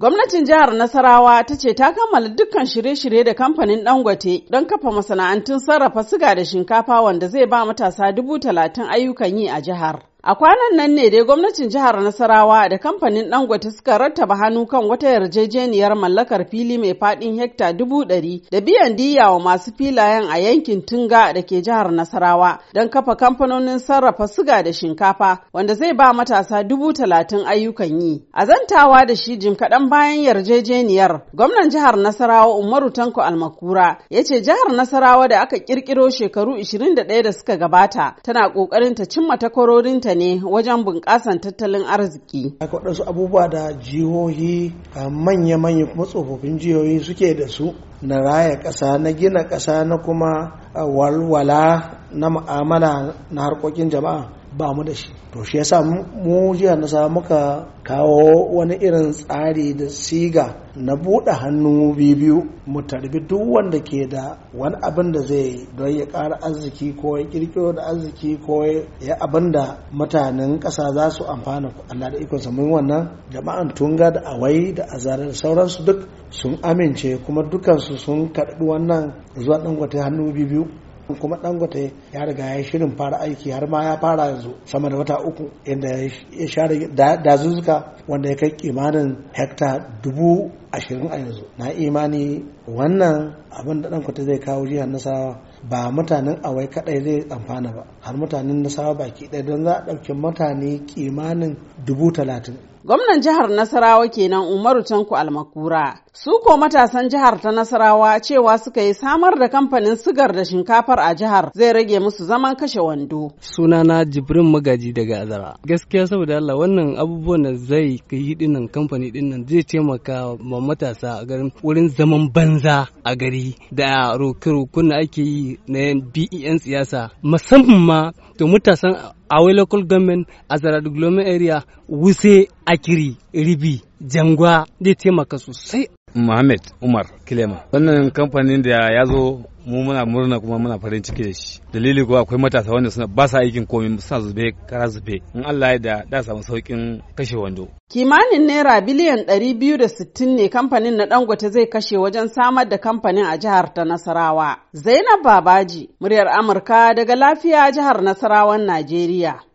Gwamnatin jihar Nasarawa ta ce ta kammala dukkan shirye-shirye da kamfanin Dangote don kafa masana'antun sarrafa siga da shinkafa wanda zai ba matasa dubu talatin ayyukan yi a jihar. A kwanan nan ne dai gwamnatin jihar Nasarawa da kamfanin Dangote suka rattaba hannu kan wata yarjejeniyar mallakar fili mai fadin hekta dubu ɗari da biyan diya wa masu filayen a yankin Tunga da ke jihar Nasarawa don kafa kamfanonin sarrafa siga da shinkafa wanda zai ba matasa dubu talatin ayyukan yi. A zantawa da shi jim kaɗan bayan yarjejeniyar, gwamnan jihar Nasarawa Umaru Tanko Almakura ya ce jihar Nasarawa da aka ƙirƙiro shekaru 21 da suka gabata tana ƙoƙarin ta cimma takwarorinta ta ne wajen bunƙasan tattalin arziki. Akwai wasu abubuwa da jihohi manya-manya kuma tsofaffin jihohi suke da su na raya ƙasa na gina ƙasa na kuma walwala na ma'amala na harkokin jama'a. ba mu da shi to shi yasa mu jiya na sa muka kawo wani irin tsari da siga na buɗe hannu biyu mu tarbi duk wanda ke da wani abin da zai don ya ƙara arziki ko ya ƙirƙiro da arziki ko ya abin da mutanen ƙasa za su amfana Allah da ikonsa mun wannan jama'an tunga da awai da azara da sauransu duk sun amince kuma dukansu sun karɓi wannan zuwa ɗan hannu biyu kuma dangote ya riga ya shirin fara aiki har ma ya fara yanzu sama da wata uku inda ya share dazuzzuka wanda ya kai kimanin hekta dubu ashirin a yanzu na imani wannan abin da dangote zai kawo jihar nasarawa ba mutanen awai kadai zai amfana ba har mutanen nasarawa baki ɗaya don za a ɗauki mutane kimanin dubu talatin Gwamnan jihar Nasarawa kenan Umaru Tanko Almakura. Su ko matasan jihar ta Nasarawa cewa suka yi samar da kamfanin sigar da shinkafar a jihar zai rage musu zaman kashe wando. Sunana Jibrin Magaji daga Azara. Gaskiya saboda Allah wannan abubuwan da zai yi dinnan kamfani dinnan zai taimaka ma matasa a garin wurin zaman banza a gari da roke-roken da ake yi na yan e siyasa musamman ma to matasan awai local government a zaraduglomin area wuse akiri ribi jangwa zai taimaka sosai Muhammad Umar Kilema. Wannan kamfanin da ya zo mu muna murna kuma muna farin ciki da shi. Dalili kuwa akwai matasa wanda suna ba sa aikin komai suna zube kara zube. In Allah ya da da samu saukin kashe wando. Kimanin naira biliyan ɗari biyu da sittin ne kamfanin na Dangote zai kashe wajen samar da kamfanin a jihar ta Nasarawa. Zainab Babaji, muryar Amurka daga lafiya jihar Nasarawan Najeriya.